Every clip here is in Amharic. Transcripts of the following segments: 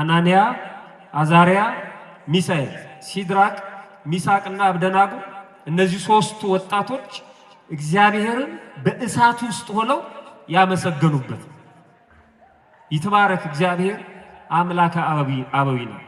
አናንያ፣ አዛሪያ፣ ሚሳኤል፣ ሲድራቅ፣ ሚሳቅና አብደናጎ እነዚህ ሶስቱ ወጣቶች እግዚአብሔርን በእሳት ውስጥ ሆነው ያመሰገኑበት ይትባረክ እግዚአብሔር አምላከ አበዊ ነው።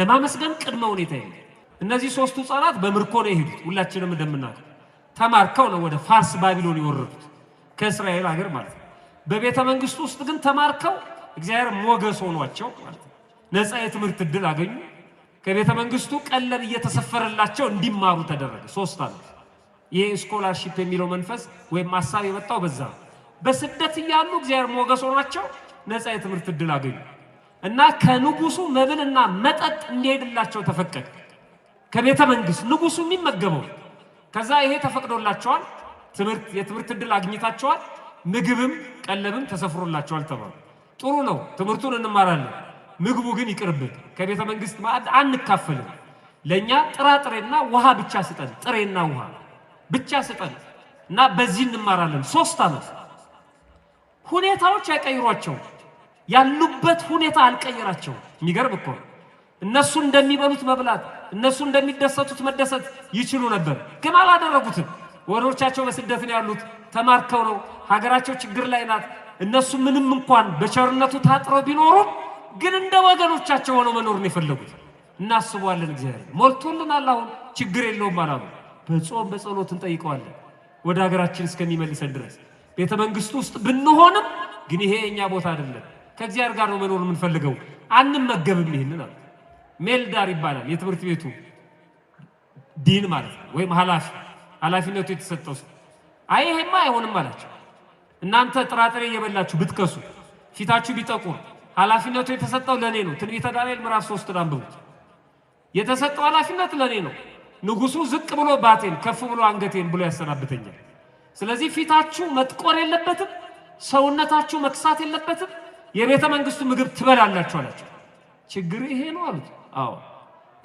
ለማመስገን ቅድመ ሁኔታ ይሄ እነዚህ ሶስቱ ህጻናት በምርኮ ነው የሄዱት። ሁላችንም እንደምናውቀው ተማርከው ነው ወደ ፋርስ ባቢሎን የወረዱት ከእስራኤል ሀገር ማለት ነው። በቤተ መንግስቱ ውስጥ ግን ተማርከው እግዚአብሔር ሞገስ ሆኗቸው ማለት ነው። ነፃ የትምህርት እድል አገኙ። ከቤተ መንግስቱ ቀለብ እየተሰፈረላቸው እንዲማሩ ተደረገ። ሶስት አመት ይሄ ስኮላርሺፕ የሚለው መንፈስ ወይም ሀሳብ የመጣው በዛ ነው። በስደት እያሉ እግዚአብሔር ሞገስ ሆኗቸው ነፃ የትምህርት እድል አገኙ እና ከንጉሱ መብልና መጠጥ እንዲሄድላቸው ተፈቀደ። ከቤተ መንግስት ንጉሱ የሚመገበው ከዛ ይሄ ተፈቅዶላቸዋል። ትምህርት የትምህርት እድል አግኝታቸዋል። ምግብም ቀለብም ተሰፍሮላቸዋል ተባሉ። ጥሩ ነው፣ ትምህርቱን እንማራለን። ምግቡ ግን ይቅርብን፣ ከቤተ መንግስት ማዕድ አንካፈልም። ለእኛ ጥራጥሬና ውሃ ብቻ ስጠን፣ ጥሬና ውሃ ብቻ ስጠን እና በዚህ እንማራለን። ሶስት ዓመት ሁኔታዎች አይቀይሯቸው፣ ያሉበት ሁኔታ አልቀየራቸው። የሚገርም እኮ እነሱ እንደሚበሉት መብላት፣ እነሱ እንደሚደሰቱት መደሰት ይችሉ ነበር፣ ግን አላደረጉትም። ወገኖቻቸው በስደት ነው ያሉት፣ ተማርከው ነው። ሀገራቸው ችግር ላይ ናት። እነሱ ምንም እንኳን በቸርነቱ ታጥረው ቢኖሩም ግን እንደ ወገኖቻቸው ሆነው መኖር ነው የፈለጉት። እናስቧለን። እግዚአብሔር ሞልቶልናል። አሁን ችግር የለውም አላሉ። በጾም በጸሎት እንጠይቀዋለን ወደ ሀገራችን እስከሚመልሰን ድረስ ቤተ መንግስቱ ውስጥ ብንሆንም ግን ይሄ የኛ ቦታ አይደለም። ከእግዚአብሔር ጋር ነው መኖር የምንፈልገው። አንመገብም። ይህንን አሉ። ሜልዳር ይባላል የትምህርት ቤቱ ዲን ማለት ነው፣ ወይም ኃላፊ ኃላፊነቱ የተሰጠው ሰው። አይ ይሄማ አይሆንም አላቸው። እናንተ ጥራጥሬ እየበላችሁ ብትከሱ ፊታችሁ ቢጠቁር ኃላፊነቱ የተሰጠው ለኔ ነው። ትንቢተ ዳንኤል ምዕራፍ 3 አንብቡት። የተሰጠው ኃላፊነት ለኔ ነው። ንጉሱ ዝቅ ብሎ ባቴን ከፍ ብሎ አንገቴን ብሎ ያሰናብተኛል። ስለዚህ ፊታችሁ መጥቆር የለበትም፣ ሰውነታችሁ መክሳት የለበትም። የቤተ መንግስቱ ምግብ ትበላላችሁ አላቸው። ችግር ይሄ ነው አሉት። አዎ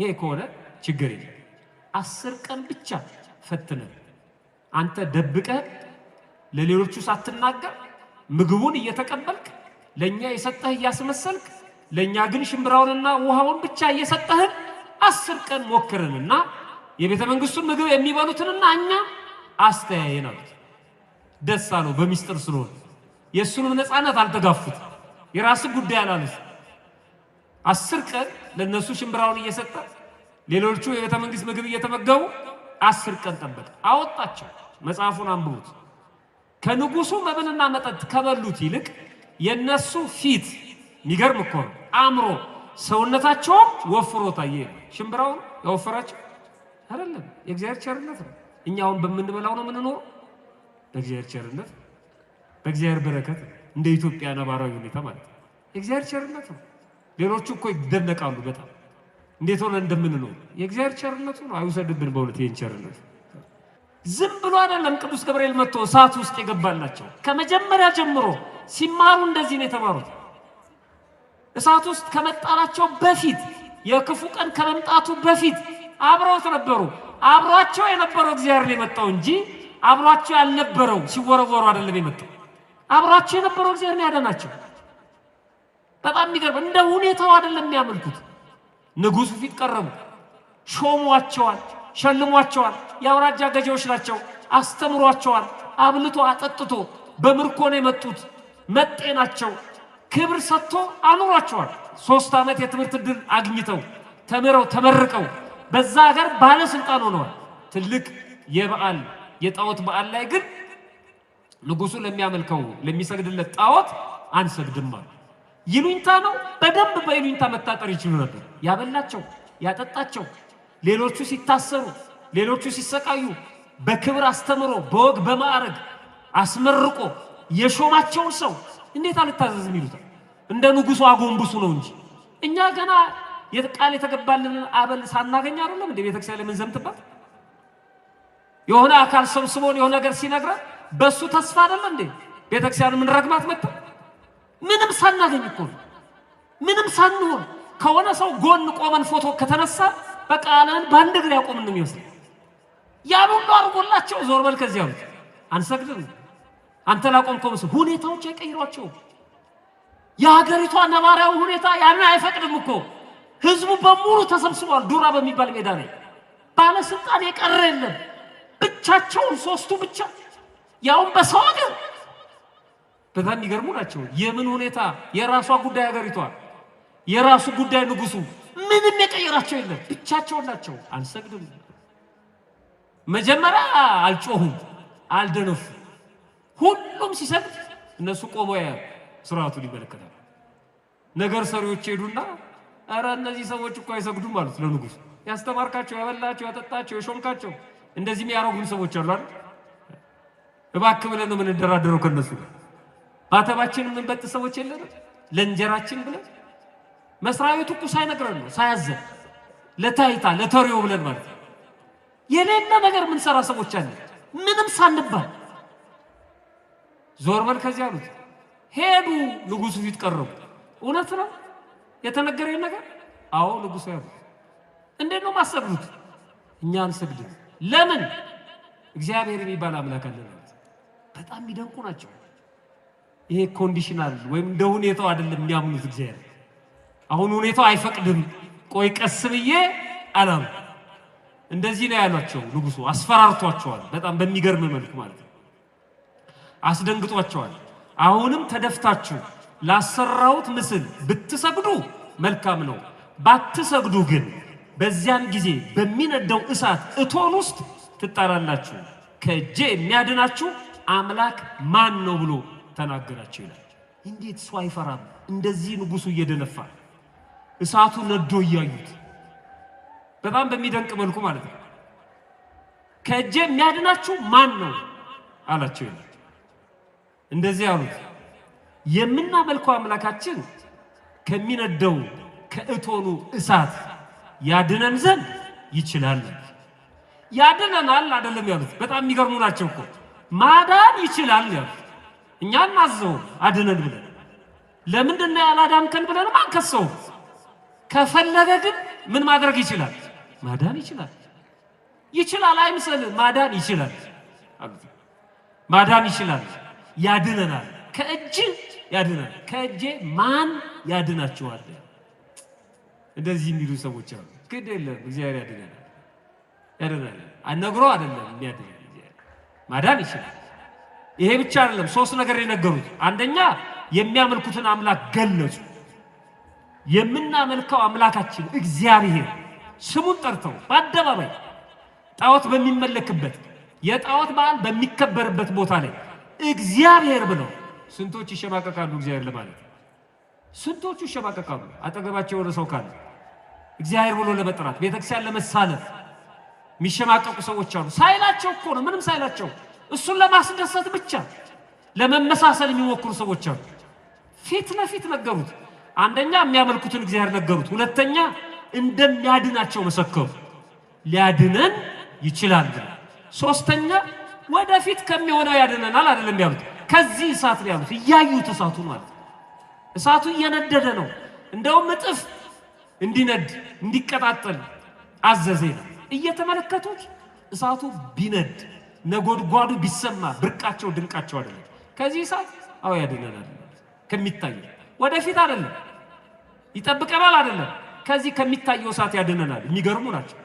ይሄ ከሆነ ችግር የለም። አስር ቀን ብቻ ፈትነን አንተ ደብቀህ ለሌሎቹ ሳትናገር ምግቡን እየተቀበልክ ለእኛ የሰጠህ እያስመሰልክ ለእኛ ግን ሽምብራውንና ውሃውን ብቻ እየሰጠህን አስር ቀን ሞክርንና የቤተ መንግስቱን ምግብ የሚበሉትንና እኛ አስተያየን አሉት። ደስ አለው በሚስጥር ስለሆነ የእሱንም ነፃነት አልተጋፉት። የራስ ጉዳይ አላሉት። አስር ቀን ለእነሱ ሽምብራውን እየሰጠ ሌሎቹ የቤተ መንግስት ምግብ እየተመገቡ አስር ቀን ጠበቀ። አወጣቸው። መጽሐፉን አንብቡት። ከንጉሱ መብልና መጠጥ ከበሉት ይልቅ የነሱ ፊት የሚገርም እኮ ነው። አእምሮ ሰውነታቸውም ወፍሮ ታየ። ሽምብራውን ያወፈራቸው አይደለም፣ የእግዚአብሔር ቸርነት ነው። እኛ አሁን በምንበላው ነው የምንኖረው፣ በእግዚአብሔር ቸርነት፣ በእግዚአብሔር በረከት፣ እንደ ኢትዮጵያ ነባራዊ ሁኔታ ማለት ነው። የእግዚአብሔር ቸርነት ነው። ሌሎቹ እኮ ይደነቃሉ በጣም እንዴት ሆነ እንደምንኖር። የእግዚአብሔር ቸርነቱ ነው። አይውሰድብን በእውነት ይህን ቸርነት ዝም ብሎ አይደለም ቅዱስ ገብርኤል መጥቶ እሳት ውስጥ የገባላቸው ከመጀመሪያ ጀምሮ ሲማሩ እንደዚህ ነው የተማሩት። እሳት ውስጥ ከመጣላቸው በፊት የክፉ ቀን ከመምጣቱ በፊት አብረውት ነበሩ። አብሯቸው የነበረው እግዚአብሔር የመጣው እንጂ አብሯቸው ያልነበረው ሲወረወሩ አይደለም የመጣው። አብሯቸው የነበረው እግዚአብሔር ነው ያዳናቸው። በጣም የሚገርም እንደ ሁኔታው አይደለም የሚያመልኩት። ንጉሱ ፊት ቀረቡ፣ ሾሟቸዋል፣ ሸልሟቸዋል። የአውራጃ ገዢዎች ናቸው። አስተምሯቸዋል፣ አብልቶ አጠጥቶ በምርኮ ነው የመጡት። መጤናቸው ክብር ሰጥቶ አኑሯቸዋል። ሶስት ዓመት የትምህርት ዕድል አግኝተው ተምረው ተመርቀው በዛ ሀገር ባለስልጣን ሆነዋል። ትልቅ የበዓል የጣዖት በዓል ላይ ግን ንጉሱ ለሚያመልከው ለሚሰግድለት ጣዖት አንሰግድም አሉ። ይሉኝታ ነው። በደንብ በይሉኝታ መታጠር ይችሉ ነበር። ያበላቸው፣ ያጠጣቸው፣ ሌሎቹ ሲታሰሩ፣ ሌሎቹ ሲሰቃዩ በክብር አስተምሮ በወግ በማዕረግ አስመርቆ የሾማቸውን ሰው እንዴት አልታዘዝም ይሉታል። እንደ ንጉሱ አጎንብሱ ነው እንጂ እኛ ገና የቃል የተገባልን አበል ሳናገኝ አይደለም እንደ ቤተክርስቲያን የምንዘምትባት። የሆነ አካል ሰብስቦን የሆነ ነገር ሲነግረን በሱ ተስፋ አይደለም እንዴ ቤተክርስቲያን የምንረግማት መጣ። ምንም ሳናገኝ እኮ ምንም ሳንሆን ከሆነ ሰው ጎን ቆመን ፎቶ ከተነሳ በቃ አለን በአንድ እግር ያቆምን ነው ዞር በል ከዚያ አንሰግድም አንተ ላቆምከው ምስል ሁኔታዎች አይቀይሯቸው። የሀገሪቷ ነባራዊ ሁኔታ ያንን አይፈቅድም እኮ። ህዝቡ በሙሉ ተሰብስቧል። ዱራ በሚባል ሜዳ ላይ ባለስልጣን የቀረ የለም። ብቻቸውን ሶስቱ ብቻ ያውም በሰው ሀገር በጣም የሚገርሙ ናቸው። የምን ሁኔታ የራሷ ጉዳይ ሀገሪቷ የራሱ ጉዳይ ንጉሱ ምንም የቀየራቸው የለም። ብቻቸውን ናቸው። አልሰግድም መጀመሪያ አልጮሁም፣ አልደነፉ ሁሉም ሲሰግድ እነሱ ቆመው ያ ስርዓቱን ይመለከታሉ። ነገር ሰሪዎች ሄዱና አረ እነዚህ ሰዎች እኮ አይሰግዱም ማለት ለንጉስ ያስተማርካቸው፣ ያበላቸው፣ ያጠጣቸው፣ የሾምካቸው እንደዚህ የሚያረጉን ሰዎች አሉ አይደል? እባክህ ብለን ነው የምንደራደረው ከነሱ ጋር። ባተባችን የምንበጥ ሰዎች የለንም። ለእንጀራችን ብለን መስሪያ ቤቱ እኮ ሳይነግረን ነው ሳያዘን ለታይታ ለተሪው ብለን ማለት ነው የሌለ ነገር የምንሰራ ሰዎች አለ ምንም ሳንባል ዞር በል ከዚህ አሉት። ሄዱ። ንጉሱ ፊት ቀረቡ። እውነት ነው የተነገረ ነገር? አዎ ንጉሱ ያሉት። እንዴት ነው ማሰብሩት? እኛን ስግድ። ለምን እግዚአብሔር የሚባል አምላክ አለ። በጣም የሚደንቁ ናቸው። ይሄ ኮንዲሽናል ወይም እንደ ሁኔታው አይደለም የሚያምኑት እግዚአብሔር። አሁን ሁኔታው አይፈቅድም፣ ቆይ ቀስ ብዬ አላም። እንደዚህ ነው ያሏቸው። ንጉሱ አስፈራርቷቸዋል፣ በጣም በሚገርም መልኩ ማለት ነው። አስደንግጧቸዋል። አሁንም ተደፍታችሁ ላሰራሁት ምስል ብትሰግዱ መልካም ነው፣ ባትሰግዱ ግን በዚያን ጊዜ በሚነደው እሳት እቶን ውስጥ ትጣላላችሁ። ከእጄ የሚያድናችሁ አምላክ ማን ነው ብሎ ተናገራቸው ይላል። እንዴት ሰው አይፈራም? እንደዚህ ንጉሱ እየደነፋ እሳቱ ነዶ እያዩት በጣም በሚደንቅ መልኩ ማለት ነው። ከእጄ የሚያድናችሁ ማን ነው አላቸው ይላል። እንደዚህ አሉት፣ የምናመልከው አምላካችን ከሚነደው ከእቶኑ እሳት ያድነን ዘንድ ይችላል። ያድነናል አይደለም ያሉት። በጣም የሚገርሙ ናቸው እኮ ማዳን ይችላል ያሉት። እኛ ማዘው አድነን ብለን ለምንድን ነው ያላዳንከን ብለንም ከፈለገ ግን ምን ማድረግ ይችላል? ማዳን ይችላል። ይችላል አይምሰል ማዳን ይችላል። ማዳን ይችላል። ያድነናል። ከእጅ ያድነናል። ከእጄ ማን ያድናችኋል? እንደዚህ የሚሉ ሰዎች አሉ። ግድ የለም እግዚአብሔር ያድነናል። ያድናል። አነግሮ አይደለም የሚያድነን ማዳን ይችላል። ይሄ ብቻ አይደለም። ሶስት ነገር የነገሩት፣ አንደኛ የሚያመልኩትን አምላክ ገለጹ። የምናመልከው አምላካችን እግዚአብሔር ስሙን ጠርተው በአደባባይ ጣዖት በሚመለክበት የጣዖት በዓል በሚከበርበት ቦታ ላይ እግዚአብሔር ብለው ስንቶች ይሸማቀቃሉ። እግዚአብሔር ለማለት ስንቶቹ ይሸማቀቃሉ። አጠገባቸው የሆነ ሰው ካለ እግዚአብሔር ብሎ ለመጥራት ቤተክርስቲያን ለመሳለፍ የሚሸማቀቁ ሰዎች አሉ። ሳይላቸው እኮ ነው፣ ምንም ሳይላቸው እሱን ለማስደሰት ብቻ ለመመሳሰል የሚሞክሩ ሰዎች አሉ። ፊት ለፊት ነገሩት። አንደኛ የሚያመልኩትን እግዚአብሔር ነገሩት። ሁለተኛ እንደሚያድናቸው መሰከሩ። ሊያድነን ይችላል። ሶስተኛ ወደፊት ከሚሆነው ያድነናል አይደለም ያሉት። ከዚህ እሳት ነው ያሉት። እያዩት እሳቱ ማለት እሳቱ እየነደደ ነው። እንደውም እጥፍ እንዲነድ እንዲቀጣጠል አዘዘ እየተመለከቱት እሳቱ ቢነድ ነጎድጓዱ ቢሰማ ብርቃቸው ድንቃቸው አይደለም። ከዚህ እሳት አዎ ያድነናል። ከሚታየው ወደፊት አይደለም ይጠብቀናል አይደለም። ከዚህ ከሚታየው እሳት ያድነናል። የሚገርሙ ናቸው።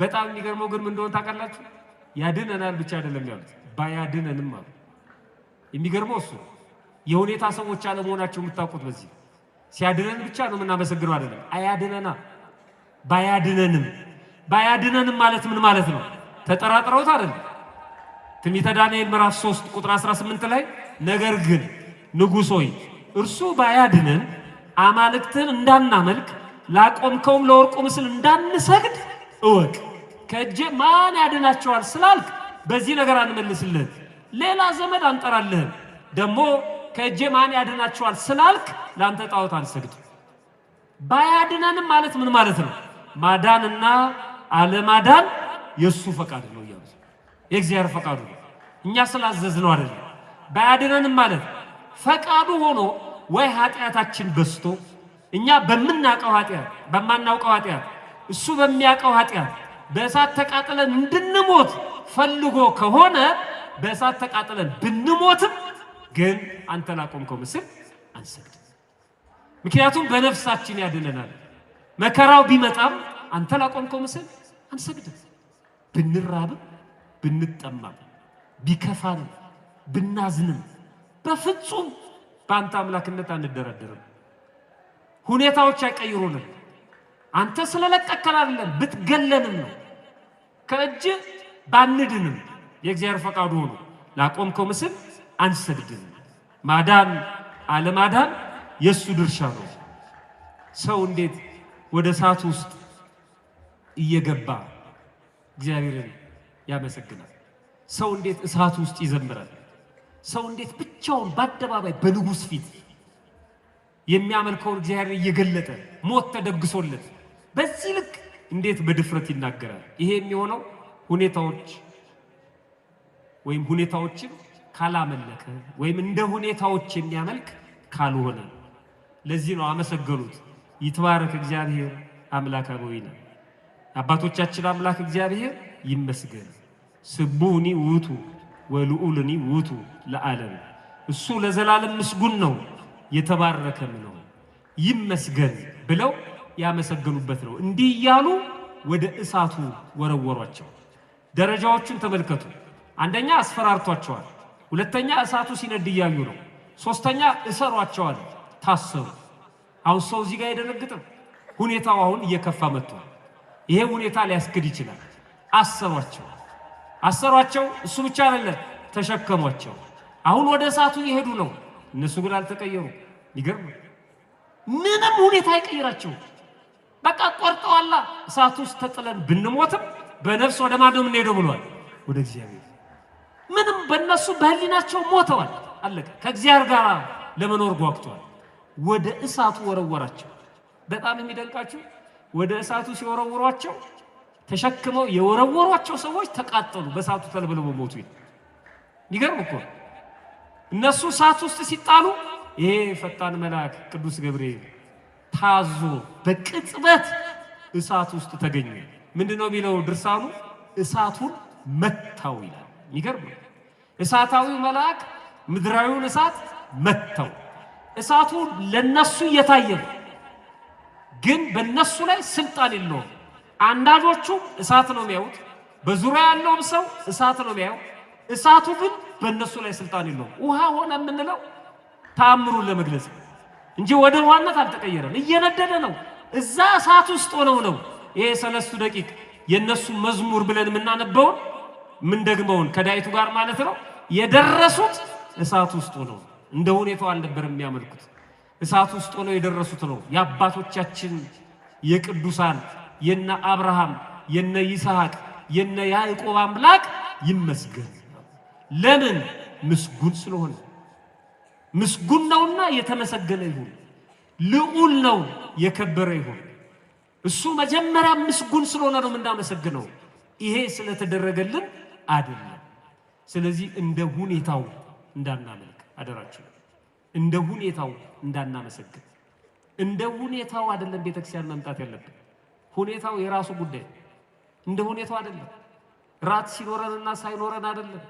በጣም የሚገርመው ግን ምን እንደሆነ ታውቃላችሁ? ያድነናል ብቻ አይደለም ያሉት ባያድነንም አሉ። የሚገርመው እሱ የሁኔታ ሰዎች አለመሆናቸው የምታውቁት በዚህ ሲያድነን ብቻ ነው የምናመሰግነው አይደለም። አያድነና ባያድነንም ባያድነንም ማለት ምን ማለት ነው? ተጠራጥረውት አይደለም። ትንቢተ ዳንኤል ምዕራፍ 3 ቁጥር 18 ላይ ነገር ግን ንጉሥ ሆይ እርሱ ባያድነን አማልክትን እንዳናመልክ ላቆምከውም ለወርቁ ምስል እንዳንሰግድ እወቅ ከእጄ ማን ያድናቸዋል ስላልክ በዚህ ነገር አንመልስልህ። ሌላ ዘመድ አንጠራልህ። ደግሞ ከእጄ ማን ያድናቸዋል ስላልክ ለአንተ ጣዖት አንሰግድ። ባያድነንም ማለት ምን ማለት ነው? ማዳንና አለማዳን የእሱ ፈቃድ ነው እያሉ የእግዚአብሔር ፈቃዱ ነው፣ እኛ ስላዘዝ ነው አይደለም። ባያድነንም ማለት ፈቃዱ ሆኖ ወይ ኃጢአታችን በስቶ እኛ በምናውቀው ኃጢአት በማናውቀው ኃጢአት እሱ በሚያውቀው ኃጢአት በእሳት ተቃጥለን እንድንሞት ፈልጎ ከሆነ በእሳት ተቃጥለን ብንሞትም ግን አንተ ላቆምከው ምስል አንሰግድ። ምክንያቱም በነፍሳችን ያድነናል። መከራው ቢመጣም አንተ ላቆምከው ምስል አንሰግድም። ብንራብም ብንጠማም ቢከፋንም ብናዝንም በፍጹም በአንተ አምላክነት አንደረደርም። ሁኔታዎች አይቀይሩንም። አንተ ስለለቀከን አይደለም ብትገለንም ነው ከእጅ ባንድንም የእግዚአብሔር ፈቃዱ ሆኖ ላቆምከው ምስል አንሰግድም። ማዳን አለማዳን የእሱ ድርሻ ነው። ሰው እንዴት ወደ እሳት ውስጥ እየገባ እግዚአብሔርን ያመሰግናል? ሰው እንዴት እሳት ውስጥ ይዘምራል? ሰው እንዴት ብቻውን በአደባባይ በንጉሥ ፊት የሚያመልከውን እግዚአብሔር እየገለጠ ሞት ተደግሶለት በዚህ ልክ እንዴት በድፍረት ይናገራል? ይሄ የሚሆነው ሁኔታዎች ወይም ሁኔታዎችን ካላመለከ ወይም እንደ ሁኔታዎች የሚያመልክ ካልሆነ ለዚህ ነው አመሰገኑት። ይትባረክ እግዚአብሔር አምላክ አበዊነ አባቶቻችን አምላክ እግዚአብሔር ይመስገን። ስቡኒ ውቱ ወልዑልኒ ውቱ ለዓለም እሱ ለዘላለም ምስጉን ነው የተባረከም ነው ይመስገን ብለው ያመሰገኑበት ነው። እንዲህ እያሉ ወደ እሳቱ ወረወሯቸው። ደረጃዎቹን ተመልከቱ። አንደኛ አስፈራርቷቸዋል። ሁለተኛ እሳቱ ሲነድ እያዩ ነው። ሶስተኛ እሰሯቸዋል፣ ታሰሩ። አሁን ሰው እዚህ ጋር አይደነግጥም። ሁኔታው አሁን እየከፋ መጥቷል። ይሄ ሁኔታ ሊያስክድ ይችላል። አሰሯቸው አሰሯቸው። እሱ ብቻ አይደለም፣ ተሸከሟቸው። አሁን ወደ እሳቱ እየሄዱ ነው። እነሱ ግን አልተቀየሩ። ይገርም ምንም ሁኔታ አይቀይራቸው። በቃ ቆርጠዋላ። እሳት ውስጥ ተጥለን ብንሞትም በነፍስ ወደ ማዶ የምንሄደው ብሏል፣ ወደ እግዚአብሔር። ምንም በእነሱ በህሊናቸው ሞተዋል፣ አለቀ። ከእግዚአብሔር ጋር ለመኖር ጓጉተዋል። ወደ እሳቱ ወረወራቸው። በጣም የሚደንቃችሁ ወደ እሳቱ ሲወረውሯቸው ተሸክመው የወረወሯቸው ሰዎች ተቃጠሉ፣ በእሳቱ ተለብልበው ሞቱ። ይገርም እኮ እነሱ እሳት ውስጥ ሲጣሉ ይሄ ፈጣን መልአክ ቅዱስ ገብርኤል ታዞ በቅጽበት እሳት ውስጥ ተገኘ። ምንድነው የሚለው ድርሳኑ? እሳቱን መታው ይላል። የሚገርም እሳታዊው መልአክ ምድራዊውን እሳት መታው። እሳቱ ለነሱ እየታየ ነው፣ ግን በነሱ ላይ ስልጣን የለውም። አንዳንዶቹ እሳት ነው የሚያዩት፣ በዙሪያ ያለውም ሰው እሳት ነው የሚያው እሳቱ ግን በእነሱ ላይ ስልጣን የለውም። ውሃ ሆነ የምንለው ተአምሩን ለመግለጽ ነው። እንጂ ወደ ዋነት አልተቀየረም። እየነደደ ነው። እዛ እሳት ውስጥ ሆነው ነው ይሄ ሰለስቱ ደቂቅ የነሱ መዝሙር ብለን የምናነበውን የምንደግመውን ከዳይቱ ጋር ማለት ነው የደረሱት እሳት ውስጥ ሆነው እንደ ሁኔታው አልነበር የሚያመልኩት እሳት ውስጥ ሆነው የደረሱት ነው። የአባቶቻችን የቅዱሳን የነ አብርሃም የነ ይስሐቅ የነ ያዕቆብ አምላክ ይመስገን። ለምን ምስጉን ስለሆነ ምስጉን ነውና የተመሰገነ ይሁን፣ ልዑል ነው የከበረ ይሁን። እሱ መጀመሪያ ምስጉን ስለሆነ ነው የምናመሰግነው። ይሄ ስለተደረገልን አይደለም። ስለዚህ እንደ ሁኔታው እንዳናመልክ አደራችሁ፣ እንደ ሁኔታው እንዳናመሰግን። እንደ ሁኔታው አይደለም ቤተክርስቲያን መምጣት ያለብን። ሁኔታው የራሱ ጉዳይ፣ እንደ ሁኔታው አይደለም። ራት ሲኖረንና ሳይኖረን አይደለም።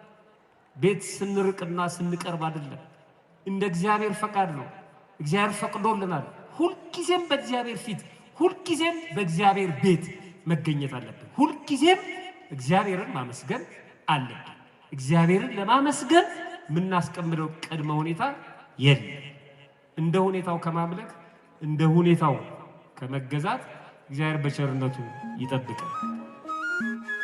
ቤት ስንርቅና ስንቀርብ አይደለም። እንደ እግዚአብሔር ፈቃድ ነው። እግዚአብሔር ፈቅዶልናል። ሁልጊዜም በእግዚአብሔር ፊት፣ ሁልጊዜም በእግዚአብሔር ቤት መገኘት አለብን። ሁልጊዜም እግዚአብሔርን ማመስገን አለብን። እግዚአብሔርን ለማመስገን የምናስቀምደው ቅድመ ሁኔታ የለም። እንደ ሁኔታው ከማምለክ እንደ ሁኔታው ከመገዛት እግዚአብሔር በቸርነቱ ይጠብቃል።